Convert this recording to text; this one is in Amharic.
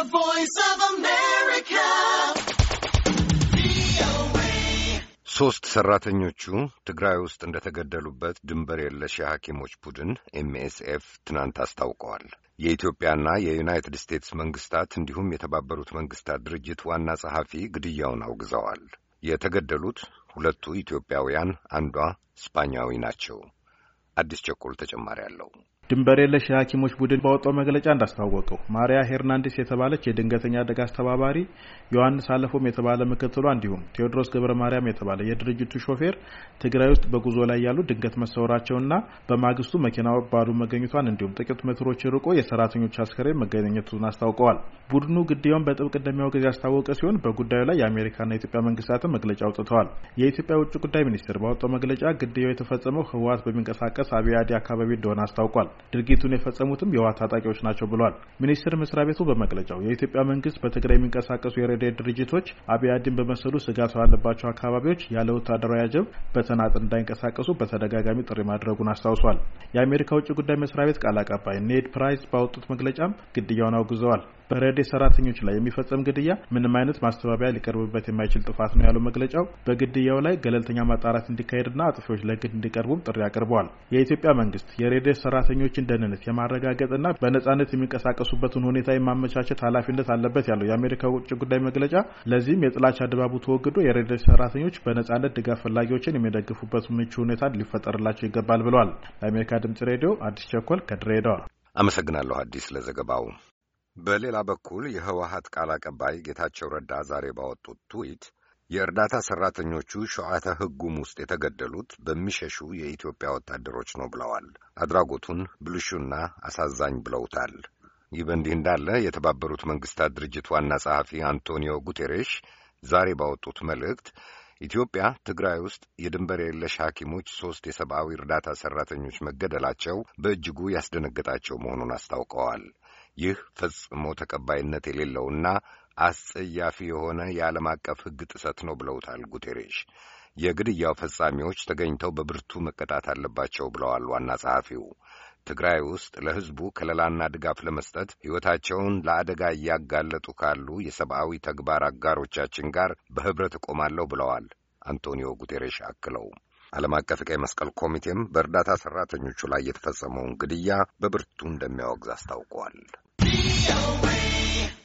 The Voice of America. ሶስት ሰራተኞቹ ትግራይ ውስጥ እንደተገደሉበት ድንበር የለሽ የሐኪሞች ቡድን ኤምኤስኤፍ ትናንት አስታውቀዋል። የኢትዮጵያና የዩናይትድ ስቴትስ መንግስታት እንዲሁም የተባበሩት መንግስታት ድርጅት ዋና ጸሐፊ ግድያውን አውግዘዋል። የተገደሉት ሁለቱ ኢትዮጵያውያን፣ አንዷ ስፓኛዊ ናቸው። አዲስ ቸኮል ተጨማሪ አለው። ድንበር የለሽ የሐኪሞች ቡድን ባወጣው መግለጫ እንዳስታወቀው ማሪያ ሄርናንዴስ የተባለች የድንገተኛ አደጋ አስተባባሪ፣ ዮሐንስ አለፎም የተባለ ምክትሏ፣ እንዲሁም ቴዎድሮስ ገብረ ማርያም የተባለ የድርጅቱ ሾፌር ትግራይ ውስጥ በጉዞ ላይ ያሉ ድንገት መሰወራቸውና በማግስቱ መኪናው ባዶ መገኘቷን እንዲሁም ጥቂት ሜትሮች ርቆ የሰራተኞች አስከሬን መገኘቱን አስታውቀዋል። ቡድኑ ግድያውን በጥብቅ እንደሚያወግዝ ያስታወቀ ሲሆን በጉዳዩ ላይ የአሜሪካና የኢትዮጵያ መንግስታትን መግለጫ አውጥተዋል። የኢትዮጵያ ውጭ ጉዳይ ሚኒስቴር ባወጣው መግለጫ ግድያው የተፈጸመው ህወሀት በሚንቀሳቀስ አብይ አዲ አካባቢ እንደሆነ አስታውቋል። ድርጊቱን የፈጸሙትም የዋ ታጣቂዎች ናቸው ብሏል። ሚኒስቴር መስሪያ ቤቱ በመግለጫው የኢትዮጵያ መንግስት በትግራይ የሚንቀሳቀሱ የረድኤት ድርጅቶች አብያድን በመሰሉ ስጋት ባለባቸው አካባቢዎች ያለ ወታደራዊ አጀብ በተናጥል እንዳይንቀሳቀሱ በተደጋጋሚ ጥሪ ማድረጉን አስታውሷል። የአሜሪካ ውጭ ጉዳይ መስሪያ ቤት ቃል አቀባይ ኔድ ፕራይስ ባወጡት መግለጫም ግድያውን አውግዘዋል። በረዴ ሰራተኞች ላይ የሚፈጸም ግድያ ምንም አይነት ማስተባበያ ሊቀርብበት የማይችል ጥፋት ነው ያለው መግለጫው፣ በግድያው ላይ ገለልተኛ ማጣራት እንዲካሄድና አጥፊዎች ለግድ እንዲቀርቡም ጥሪ አቅርበዋል። የኢትዮጵያ መንግስት የሬዴ ሰራተኞችን ደህንነት የማረጋገጥና በነጻነት የሚንቀሳቀሱበትን ሁኔታ የማመቻቸት ኃላፊነት አለበት ያለው የአሜሪካ ውጭ ጉዳይ መግለጫ፣ ለዚህም የጥላቻ ድባቡ ተወግዶ የሬዴ ሰራተኞች በነጻነት ድጋፍ ፈላጊዎችን የሚደግፉበት ምቹ ሁኔታ ሊፈጠርላቸው ይገባል ብለዋል። ለአሜሪካ ድምጽ ሬዲዮ አዲስ ቸኮል ከድሬዳዋ አመሰግናለሁ። አዲስ ለዘገባው በሌላ በኩል የህወሀት ቃል አቀባይ ጌታቸው ረዳ ዛሬ ባወጡት ትዊት የእርዳታ ሠራተኞቹ ሸዋተ ህጉም ውስጥ የተገደሉት በሚሸሹ የኢትዮጵያ ወታደሮች ነው ብለዋል። አድራጎቱን ብልሹና አሳዛኝ ብለውታል። ይህ በእንዲህ እንዳለ የተባበሩት መንግስታት ድርጅት ዋና ጸሐፊ አንቶኒዮ ጉቴሬሽ ዛሬ ባወጡት መልእክት ኢትዮጵያ ትግራይ ውስጥ የድንበር የለሽ ሐኪሞች ሦስት የሰብአዊ እርዳታ ሠራተኞች መገደላቸው በእጅጉ ያስደነገጣቸው መሆኑን አስታውቀዋል። ይህ ፈጽሞ ተቀባይነት የሌለውና አስጸያፊ የሆነ የዓለም አቀፍ ሕግ ጥሰት ነው ብለውታል ጉቴሬሽ። የግድያው ፈጻሚዎች ተገኝተው በብርቱ መቀጣት አለባቸው ብለዋል ዋና ጸሐፊው። ትግራይ ውስጥ ለሕዝቡ ከለላና ድጋፍ ለመስጠት ሕይወታቸውን ለአደጋ እያጋለጡ ካሉ የሰብአዊ ተግባር አጋሮቻችን ጋር በኅብረት እቆማለሁ ብለዋል አንቶኒዮ ጉቴሬሽ አክለው ዓለም አቀፍ ቀይ መስቀል ኮሚቴም በእርዳታ ሠራተኞቹ ላይ የተፈጸመውን ግድያ በብርቱ እንደሚያወግዝ አስታውቀዋል።